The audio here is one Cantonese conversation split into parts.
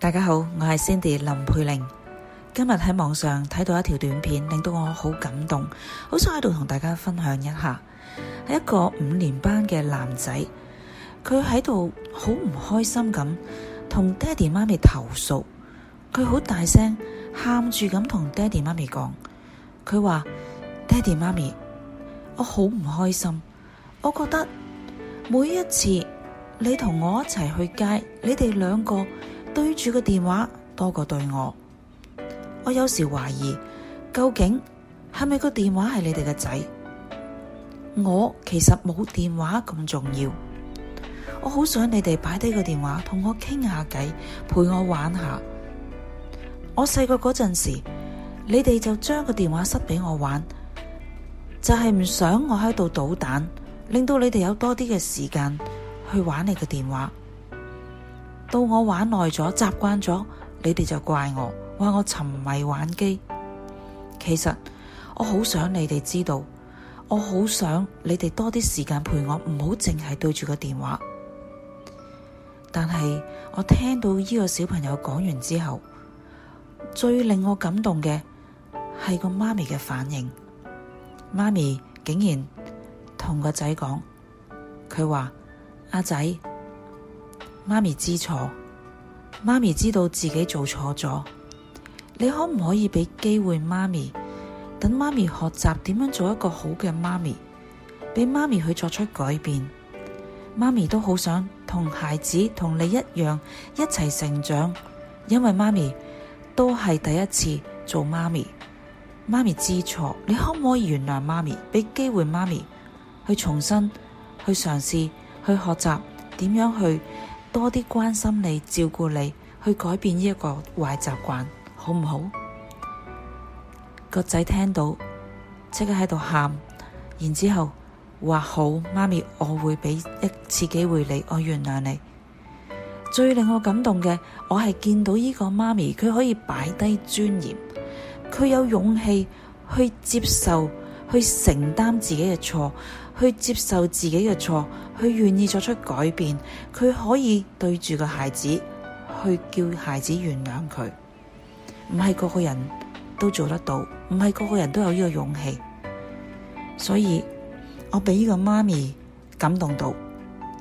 大家好，我係 Cindy 林佩玲。今日喺網上睇到一條短片，令到我好感動，好想喺度同大家分享一下。係一個五年班嘅男仔，佢喺度好唔開心咁，同爹哋媽咪投訴。佢好大聲喊住咁同爹哋媽咪講，佢話爹哋媽咪，我好唔開心。我覺得每一次你同我一齊去街，你哋兩個。對住個電話多過對我，我有時懷疑究竟係咪個電話係你哋嘅仔？我其實冇電話咁重要，我好想你哋擺低個電話同我傾下偈，陪我玩下。我細個嗰陣時，你哋就將個電話塞俾我玩，就係唔想我喺度搗蛋，令到你哋有多啲嘅時間去玩你嘅電話。到我玩耐咗，習慣咗，你哋就怪我，話我沉迷玩機。其實我好想你哋知道，我好想你哋多啲時間陪我，唔好淨係對住個電話。但係我聽到呢個小朋友講完之後，最令我感動嘅係個媽咪嘅反應。媽咪竟然同個仔講，佢話阿仔。媽咪知錯，媽咪知道自己做錯咗。你可唔可以俾機會媽咪，等媽咪學習點樣做一個好嘅媽咪，俾媽咪去作出改變。媽咪都好想同孩子同你一樣一齊成長，因為媽咪都係第一次做媽咪。媽咪知錯，你可唔可以原諒媽咪，俾機會媽咪去重新，去嘗試，去學習點樣去？多啲關心你，照顧你，去改變呢一個壞習慣，好唔好？個仔 聽到即刻喺度喊，然之後話 好，媽咪，我會俾一次機會你，我原諒你。 最令我感動嘅，我係見到呢個媽咪，佢可以擺低尊嚴，佢有勇氣去接受。去承擔自己嘅錯，去接受自己嘅錯，去願意作出改變，佢可以對住個孩子去叫孩子原諒佢。唔係個個人都做得到，唔係個個人都有呢個勇氣。所以，我俾呢個媽咪感動到，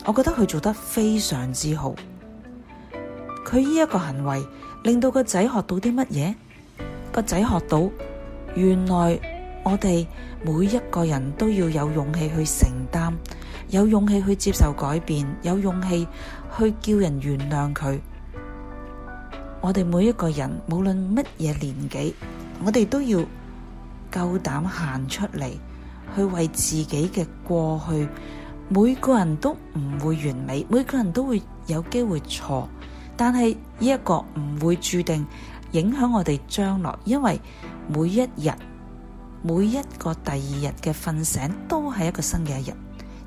我覺得佢做得非常之好。佢呢一個行為令到個仔學到啲乜嘢？個仔學到原來。我哋每一個人都要有勇氣去承擔，有勇氣去接受改變，有勇氣去叫人原諒佢。我哋每一個人，無論乜嘢年紀，我哋都要夠膽行出嚟，去為自己嘅過去。每個人都唔會完美，每個人都會有機會錯，但係呢一個唔會注定影響我哋將來，因為每一日。每一個第二日嘅瞓醒都係一個新嘅一日，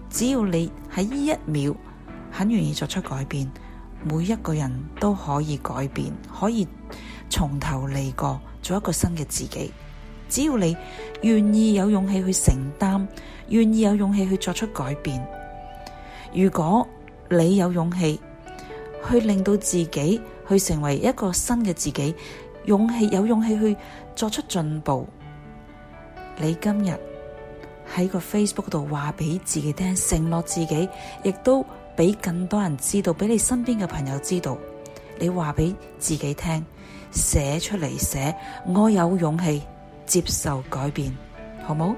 只要你喺呢一秒肯願意作出改變，每一個人都可以改變，可以從頭嚟過，做一個新嘅自己。只要你願意有勇氣去承擔，願意有勇氣去作出改變。如果你有勇氣去令到自己去成為一個新嘅自己，勇氣有勇氣去作出進步。你今日喺個 Facebook 度話俾自己聽，承諾自己，亦都俾更多人知道，俾你身邊嘅朋友知道。你話俾自己聽，寫出嚟寫，我有勇氣接受改變，好冇？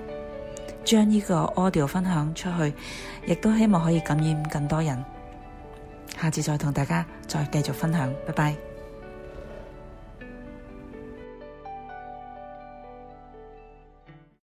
將呢個 audio 分享出去，亦都希望可以感染更多人。下次再同大家再繼續分享，拜拜。